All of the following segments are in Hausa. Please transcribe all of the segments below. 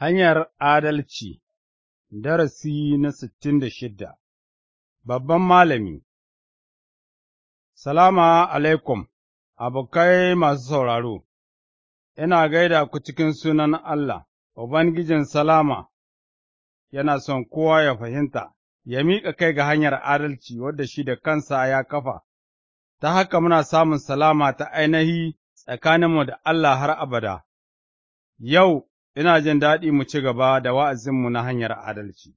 Hanyar Adalci Darasi na sittin da shidda Babban Malami Salama alaikum, abokai masu sauraro, ina gaida ku cikin sunan Allah, Ubangijin Salama, yana son kowa ya fahimta, ya miƙa kai ga hanyar adalci wadda shi da kansa ya kafa, ta haka muna samun salama ta ainihi tsakaninmu da Allah har abada. Yau ina jin daɗi mu ci gaba da wa'azinmu na hanyar adalci.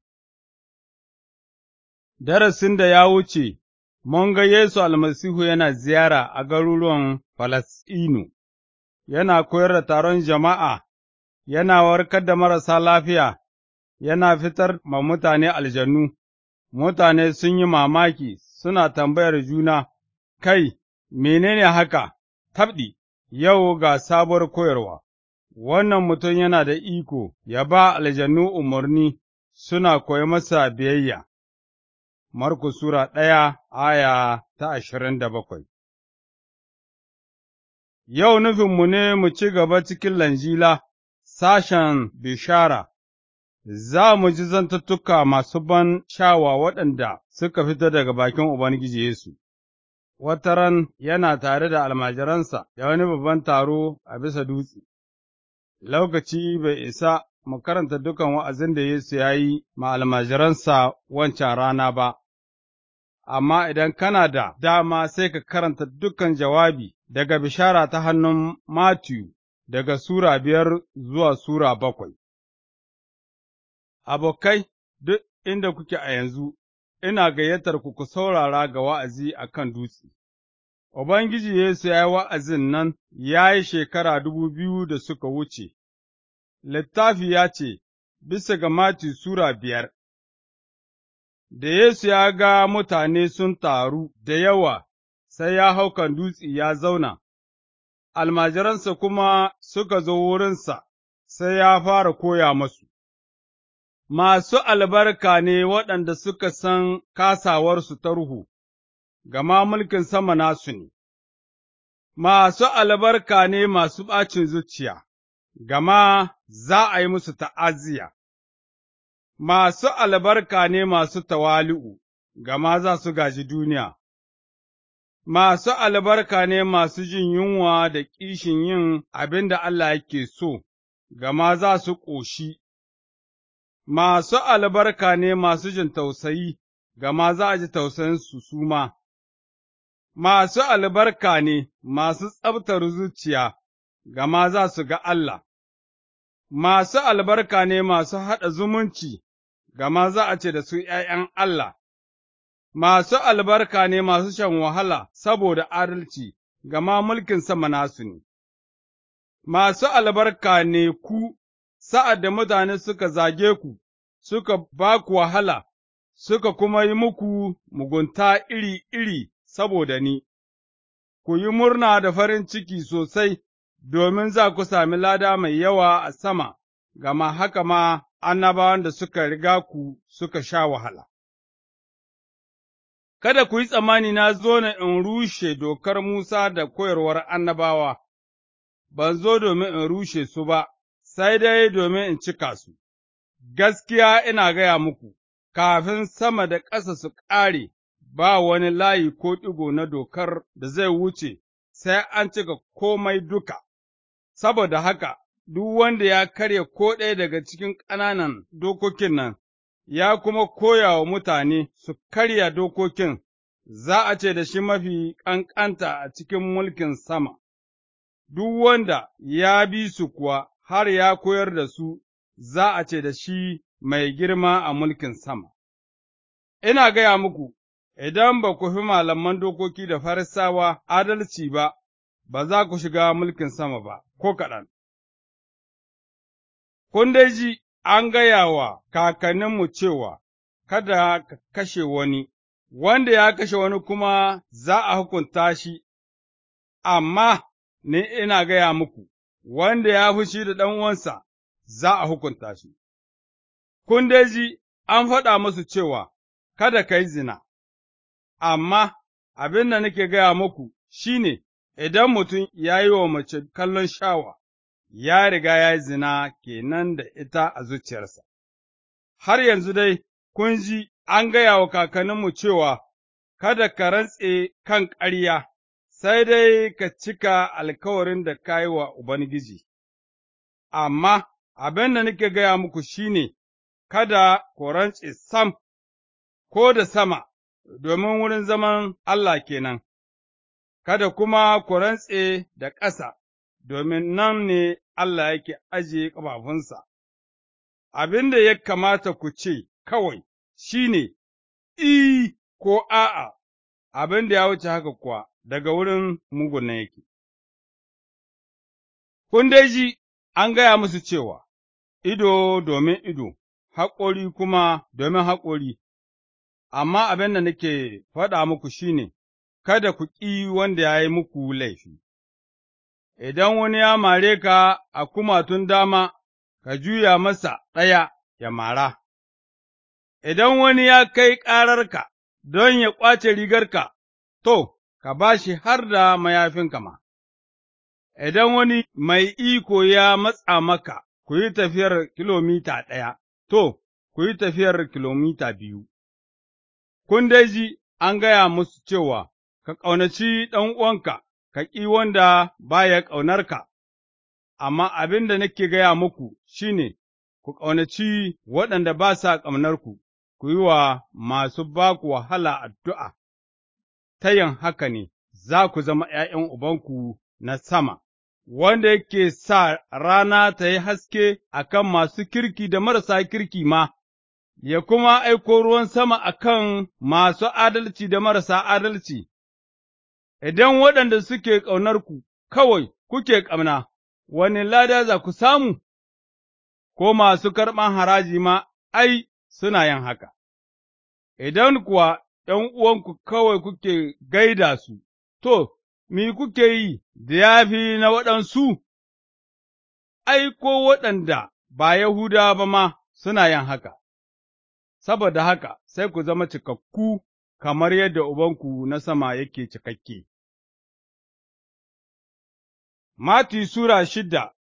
Darasin da ya wuce, mun ga Yesu almasihu yana ziyara a garuruwan Falasɗinu, yana koyar da taron jama'a, yana warkar da marasa lafiya, yana fitar ma mutane aljanu, mutane sun yi mamaki suna tambayar juna, kai, menene haka, tabdi, yau ga sabuwar koyarwa. wannan mutum yana da iko ya ba aljannu umarni suna koyi masa biyayya. Marku Sura ɗaya aya ta ashirin da bakwai Yau nufinmu ne mu ci gaba cikin lanjila, sashen bishara, za mu ji zantattuka masu ban shawa waɗanda suka fita daga bakin Ubangiji Yesu. Wataran yana tare da almajiransa da wani babban taro a bisa dutse. lokaci bai isa mu karanta dukan wa'azin da Yesu ya yi ma almajiransa wancan rana ba, amma idan kana da dama sai ka karanta dukan jawabi daga bishara ta hannun Matiyu daga Sura biyar zuwa Sura bakwai. Abokai, duk inda kuke a yanzu, ina gayyatar ku ku saurara ga wa'azi a kan dutse. Ubangiji Yesu ya yi wa'azin nan ya yi shekara dubu biyu da suka wuce, littafi ya ce, bisa ga Mati Sura biyar, da Yesu ya ga mutane sun taru da yawa, sai ya hau kan dutse ya zauna, almajiransa kuma suka zo wurinsa, sai ya fara koya masu. Masu albarka ne waɗanda suka san kasawarsu ta ruhu. gama mulkin sama nasu ne, masu albarka ne masu ɓacin zuciya, gama za a yi musu ta'aziya. masu albarka ne masu tawali'u, gama za su gaji duniya, masu albarka ne masu jin yunwa da ƙishin yin abin da Allah yake so, gama za su ƙoshi. Masu albarka ne masu jin tausayi, gama za a ji tausayin su suma. masu albarka ne masu tsabtar zuciya, gama za su ga Allah, masu albarka ne masu haɗa zumunci, gama za a ce da su ’ya'yan Allah, masu albarka ne masu shan wahala saboda adalci, gama mulkin sama nasu ne, masu albarka ne ku sa'ad da mutane suka zage ku, suka ba ku wahala, suka kuma yi muku mugunta iri-iri saboda ni, ku yi murna da farin ciki sosai, domin za ku sami lada mai yawa a sama, gama haka ma annabawan da suka riga ku suka sha wahala. Kada ku yi tsammani na zo na in rushe dokar Musa da koyarwar annabawa, ban zo domin in rushe su ba, sai dai domin in cika su, gaskiya ina gaya muku, kafin sama da ƙasa su ƙare, ba wani layi ko ɗigo na dokar da zai wuce sai an cika komai duka, saboda haka duk wanda ya karya ko ɗaya daga cikin ƙananan dokokin nan, ya kuma koya wa mutane su karya dokokin, za a ce da shi mafi ƙanƙanta a cikin mulkin sama. Duk wanda ya bi su kuwa har ya koyar da su, za a ce da shi mai girma a mulkin sama. Ina gaya muku, idan ba ku fi malaman dokoki da farisawa adalci ba, ba za ku shiga mulkin sama ba, ko kaɗan. Kun dai ji an gaya wa kakanninmu cewa, Kada ka kashe wani, wanda ya kashe wani kuma za a hukunta shi, amma ni ina gaya muku, wanda ya fushi da ɗan'uwansa za a hukunta shi. Kun dai ji an faɗa musu cewa, Kada ka yi zina. amma abin da nake gaya muku shine idan mutum ya yi wa mace kallon shawa, ya riga ya yi zina kenan da ita a zuciyarsa. Har yanzu dai, kun ji an gaya wa kakanninmu cewa, Kada ka rantse kan ƙarya, sai dai ka cika alkawarin da ka yi wa Ubangiji, amma abin da nake gaya muku shine kada ku rantse sam, ko da sama, domin wurin zaman Allah kenan, kada kuma ku rantse da ƙasa, domin nan ne Allah yake ajiye ƙafafunsa. Abin da ya kamata ku ce kawai shi ne, I ko a'a, abin da ya wuce haka kuwa daga wurin mugun yake. Kun dai ji an gaya musu cewa, Ido domin ido, haƙori kuma domin haƙori. amma abin da nake faɗa muku shi ne, kada ku ƙi wanda ya yi muku laifi. Idan wani ya mare ka a kumatun dama, ka juya masa ɗaya ya mara. Idan wani ya kai ƙararka don ya ƙwace rigarka, to, ka ba shi har da mayafinka ma. Idan wani mai iko ya matsa maka, ku yi tafiyar kilomita ɗaya, to, ku yi tafiyar kilomita biyu. Kun dai ji an gaya musu cewa, Ka ƙaunaci ɗan'uwanka, ka ƙi wanda ba ya ƙaunarka, amma abin da nake gaya muku shi ne, ku ƙaunaci waɗanda ba sa ƙaunarku, ku yi wa masu ba ku wahala addu'a, ta yin haka ne za ku zama ’ya'yan Ubanku na sama, wanda yake sa rana ta yi haske a kan masu kirki da marasa kirki ma. ya kuma aiko ruwan sama a kan masu adalci da marasa adalci, idan waɗanda suke ƙaunarku kawai kuke ƙamna, wani lada za ku samu, ko masu karɓan haraji ma ai suna yin haka, idan kuwa ’yan uwanku kawai kuke gaida su, to, mi kuke yi da yafi na waɗansu? Ai, ko waɗanda ba Yahuda ba ma suna yin haka. saboda haka sai ku zama cikakku kamar yadda Ubanku na sama yake cikakke. Mati Sura shida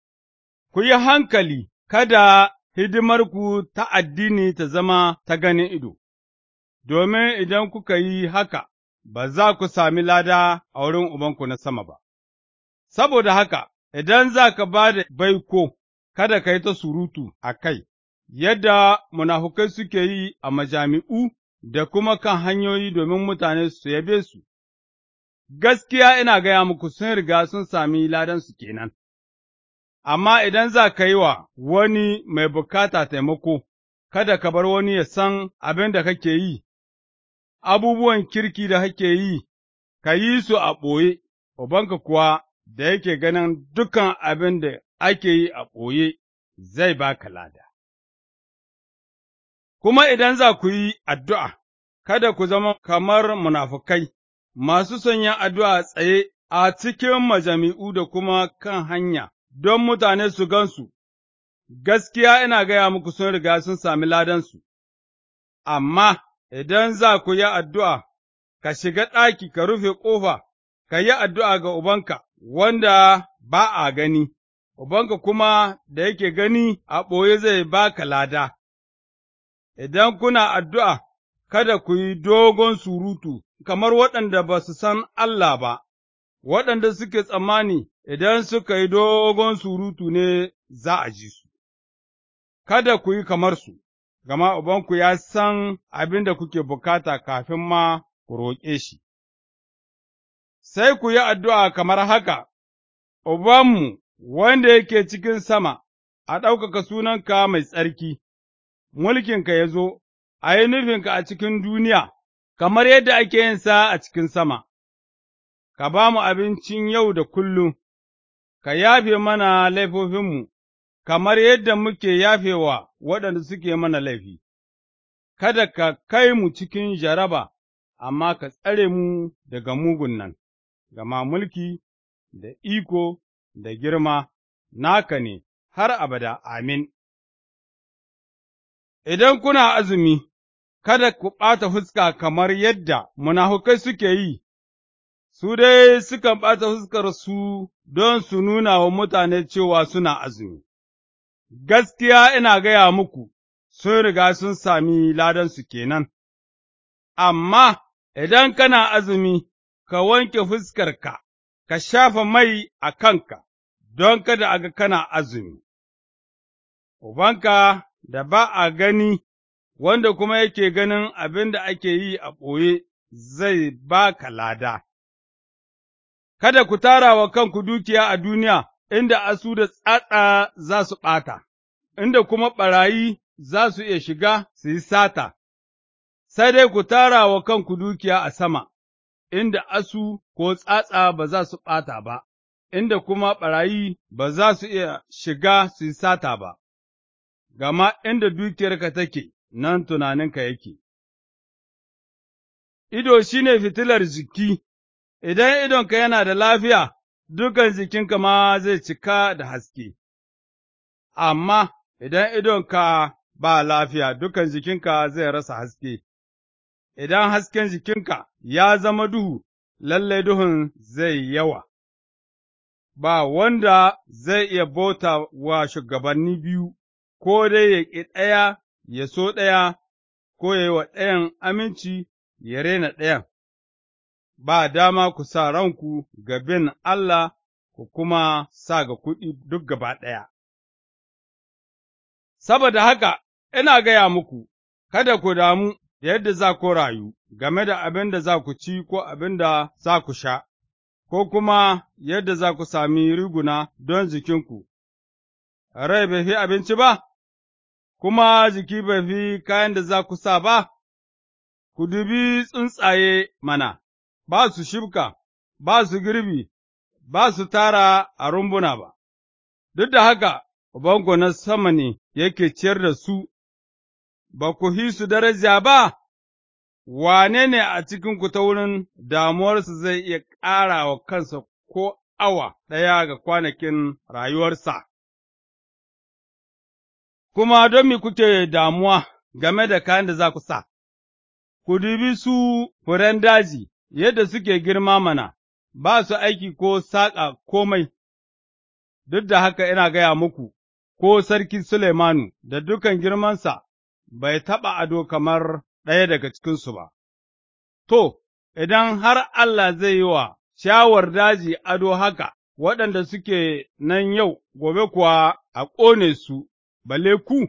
Ku yi hankali kada hidimarku ta addini ta zama ta ganin ido, domin idan kuka yi haka, ba za ku sami lada a wurin Ubanku na sama ba. Saboda haka, idan za ka ba da baiko, kada ka yi ta surutu a kai, yadda munafukai suke yi a majami'u da kuma kan hanyoyi domin mutane su yabe su, gaskiya ina gaya muku sun riga sun sami ladansu kenan. Amma idan za ka yi wa wani mai bukata taimako, kada ka bar wani ya san abin da kake yi, abubuwan kirki da kake yi, ka yi su a ɓoye, ubanka kuwa da yake ganin dukan abin da ake yi a ɓoye zai baka lada. kuma idan za ku yi addu'a, kada ku zama kamar munafukai, masu sanya addu'a tsaye a cikin majami'u da kuma kan hanya, don mutane su gansu, gaskiya ina gaya muku sun riga sun sami ladansu, amma idan za ku yi addu'a, ka shiga ɗaki ka rufe ƙofa, ka yi addu'a ga Ubanka, wanda ba a gani, Ubanka kuma da yake gani a ɓoye zai baka lada. idan kuna addu'a, kada ku yi dogon surutu kamar waɗanda ba su san Allah ba, waɗanda suke tsammani idan suka yi dogon surutu ne za a ji su, kada ku yi kamar su, gama Ubanku ya san abin da kuke bukata kafin ma ku roƙe shi. Sai ku yi addu'a kamar haka, Ubanmu wanda yake cikin sama, a ɗaukaka sunanka mai tsarki. mulkinka ya zo, a yi nufinka a cikin duniya, kamar yadda ake yin sa a cikin sama, ka ba mu abincin yau da kullum, ka yafe mana laifofinmu, kamar yadda muke yafewa waɗanda suke mana laifi, kada ka kai mu cikin jaraba, amma ka tsare mu daga mugun nan, gama mulki da iko da girma naka ne har abada, amin. Idan kuna azumi, kada ku ɓata fuska kamar yadda munafukai suke yi, su dai sukan ɓata fuskarsu don su nuna wa mutane cewa suna azumi. Gaskiya ina gaya muku, sun riga sun sami ladansu kenan. Amma idan kana azumi, ka wanke fuskarka, ka shafa mai a kanka, don kada aga kana azumi. Ubanka da ba a gani, wanda kuma yake ganin abin da ake yi a ɓoye zai ba ka lada. Kada ku tara wa kanku dukiya a duniya, inda asu da tsatsa za su ɓata, inda kuma ɓarayi za su iya shiga su yi sata, sai dai ku tara wa kanku dukiya a sama, inda asu ko tsatsa ba za su ɓata ba, inda kuma ɓarayi ba za su iya shiga su yi sata ba. gama inda dukiyarka take, nan tunaninka yake. Ido shi ne fitilar jiki, idan idonka yana da lafiya, dukan jikinka ma zai cika da haske, amma idan idonka ba lafiya, dukan jikinka zai rasa haske, idan hasken jikinka ya zama duhu, lalle duhun zai yawa. Ba wanda zai iya bota wa shugabanni biyu. ko dai ya ƙi ɗaya ya so ɗaya, ko ya yi wa ɗayan aminci ya rena ɗayan, ba dama ku sa ranku ga bin Allah ku kuma sa ga kuɗi duk gaba ɗaya. Saboda haka, ina gaya muku, kada ku damu da yadda za ku rayu game da abin da za ku ci ko abin da za ku sha, ko kuma yadda za ku sami riguna don jikinku, rai bai fi abinci ba, kuma jiki bai fi kayan da za ku sa ba, ku dubi tsuntsaye mana, ba su shibka, ba su girbi, ba su tara a rumbuna ba, duk da haka Ubanku na sama ne yake ciyar da su, ba ku hi su daraja ba, wane ne a cikinku ta wurin damuwarsu zai iya ƙara wa kansa ko awa ɗaya ga kwanakin rayuwarsa? kuma don mi kuke damuwa game da kayan da za ku sa, ku dubi su furen daji yadda suke girma mana, ba su aiki ko saƙa komai, duk da haka ina gaya muku, ko sarki Suleimanu da dukan girmansa bai taɓa ado kamar ɗaya daga cikinsu ba. To, idan har Allah zai yi wa shawar daji ado haka, waɗanda suke nan yau, gobe kuwa a ƙone su balle ku,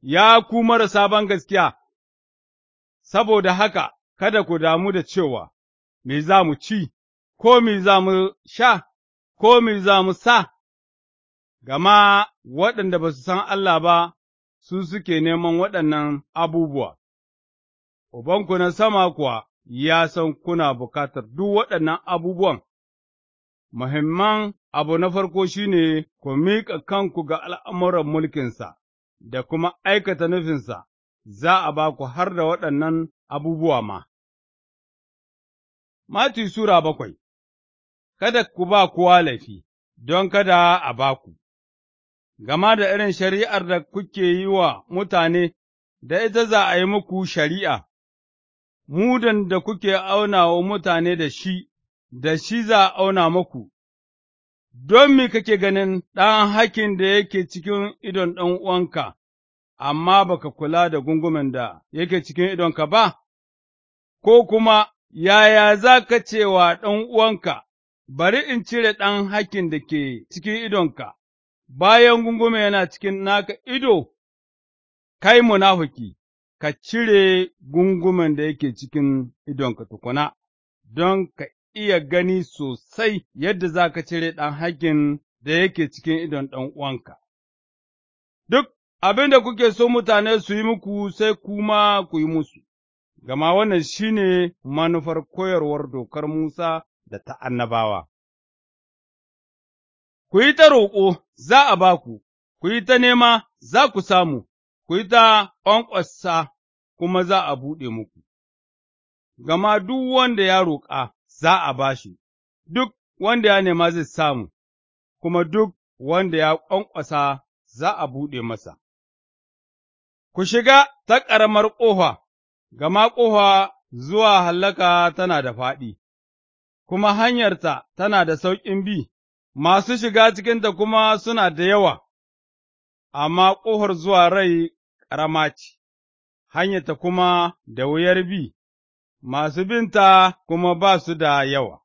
ya ku marasa ban gaskiya. saboda haka kada ku damu da cewa, Me za mu ci, ko me za mu sha, ko me za mu sa, gama waɗanda ba su san Allah ba, su suke neman waɗannan abubuwa, Ubanku na sama kuwa ya san kuna bukatar duk waɗannan abubuwan, muhimman abu na farko shi ne ku miƙa kanku ga al'amuran mulkinsa da kuma aikata nufinsa, za a ba ku har da waɗannan abubuwa ma. Mati Sura bakwai Kada ku ba kowa laifi, don kada a ba ku, gama da irin shari'ar da kuke yi wa mutane, da ita za a yi muku shari'a, mudan da kuke auna wa mutane da shi, da shi za a auna muku. don me kake ganin ɗan hakin da yake cikin idon ɗan uwanka, amma baka kula da gungumen da yake cikin idonka ba, ko kuma yaya za ka ce wa ɗan uwanka, bari in cire ɗan hakin da ke cikin idonka, bayan gungume yana cikin naka ido, kai munafuki, ka cire gungumen da yake cikin idonka tukuna, don ka iya gani sosai yadda za ka cire ɗan haƙƙin da yake cikin idon ɗan uwanka. Duk abin da kuke so mutane su yi muku sai kuma ku yi musu, gama wannan shi ne manufar koyarwar dokar Musa da ta annabawa. Ku yi ta roƙo, za a ba ku, ku yi ta nema, za ku samu, ku yi ta ƙwanƙwasa, kuma za a buɗe muku, gama duk wanda ya roƙa, za a ba shi, duk wanda ya nema zai samu, kuma duk wanda ya ƙwanƙwasa za a buɗe masa. Ku shiga ta ƙaramar ƙofa, gama ƙofa zuwa hallaka tana da faɗi, kuma hanyarta tana da sauƙin bi, masu shiga cikinta kuma suna da yawa, amma ƙofar zuwa rai ƙarama ce, hanyarta kuma da wuyar bi, masu binta kuma ba su da yawa.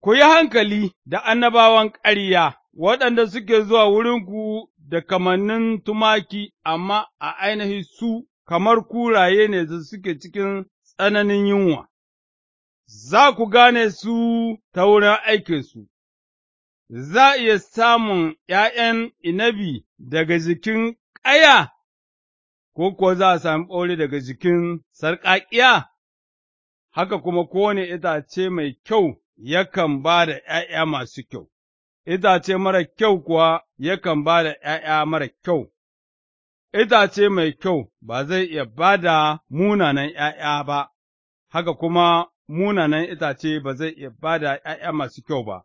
Ku yi hankali da annabawan ƙarya waɗanda suke zuwa wurinku da kamannin tumaki, amma a ainihi su kamar kuraye ne da suke cikin tsananin yunwa, za ku gane su ta wurin aikinsu, za iya samun ’ya'yan inabi daga jikin ƙaya ko kuwa za a sami ɓaure daga jikin sarƙaƙiya, haka kuma kowane itace mai kyau yakan ba da ’ya'ya masu kyau, itace mara kyau kuwa yakan ba da ’ya'ya mara kyau, itace mai kyau ba zai iya ba da munanan ’ya'ya ba, haka kuma munanan itace ba zai iya ba da ’ya'ya masu kyau ba,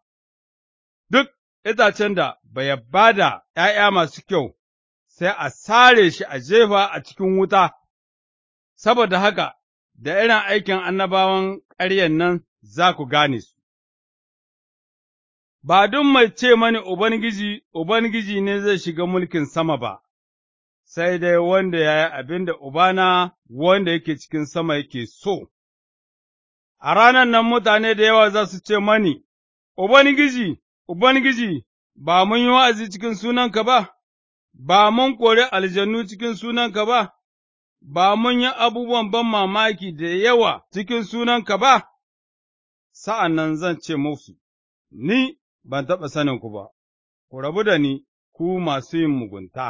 duk itacen da bai ba da ’ya'ya masu kyau. sai a sare shi a jefa a cikin wuta, saboda haka da irin aikin annabawan ƙaryan nan za ku gane su. Ba duk mai ce mani Ubangiji, Ubangiji ne zai shiga mulkin sama ba, sai dai wanda ya yi abin da Ubana wanda yake cikin sama yake so. A ranar nan mutane da yawa za su ce mani, Ubangiji, Ubangiji, ba mun yi wa'azi cikin sunanka ba? ba mun kori aljannu cikin sunanka ba, ba mun yi abubuwan ban mamaki da yawa cikin sunanka ba, sa'an nan zan ce musu, Ni ban taɓa saninku ba, ku rabu da ni, ku masu yin mugunta.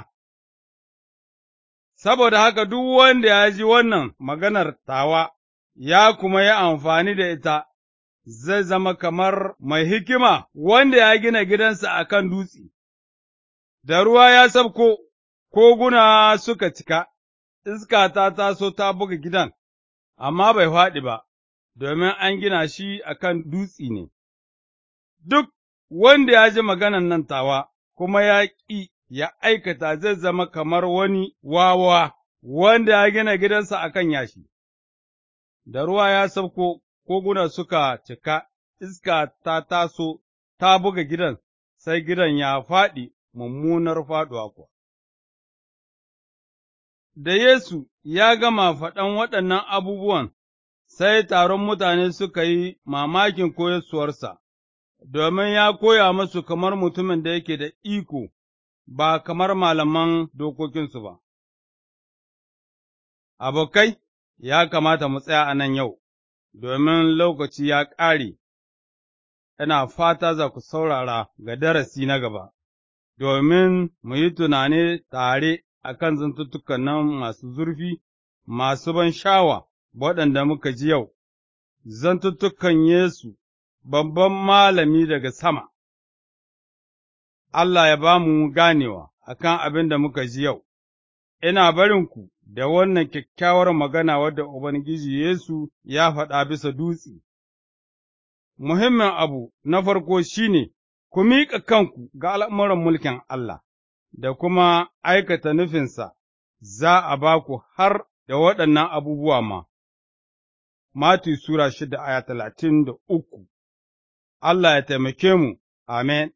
Saboda haka duk wanda ya ji wannan maganar tawa, ya kuma yi amfani da ita, zai zama kamar mai hikima wanda ya gina gidansa a kan dutse. da ruwa ya sabko, koguna suka cika, iska ta taso ta buga gidan, amma bai faɗi ba, domin an gina shi a kan dutsi ne. Duk wanda ya ji maganan nan tawa, kuma ya ƙi ya aikata zai zama kamar wani wawa wanda ya gina gidansa a kan yashi. Da ruwa ya sabko, koguna suka cika, iska ta taso ta buga gidan, sai gidan ya faɗi mummunar faɗuwa kuwa. Da Yesu ya gama faɗan waɗannan abubuwan, sai taron mutane suka yi mamakin koyarsuwarsa, domin ya koya musu kamar mutumin da yake da iko, ba kamar malaman dokokinsu ba. Abokai, ya kamata mu tsaya a nan yau, domin lokaci ya ƙare, ina fata za ku saurara ga darasi na gaba. domin mu yi tunani tare a kan zantuttukan nan masu zurfi, masu ban shawa waɗanda muka ji yau, zantuttukan Yesu, babban malami daga sama. Allah ya ba mu ganewa a kan abin da muka ji yau, ina barin ku da wannan kyakkyawar magana wadda Ubangiji Yesu ya faɗa bisa dutse. Muhimmin abu na farko shi ne ku miƙa kanku ga al'amuran mulkin Allah, da kuma aikata nufinsa, za a ba ku har da waɗannan abubuwa ma. Mati Sura shida aya talatin da uku Allah ya taimake mu, Amen.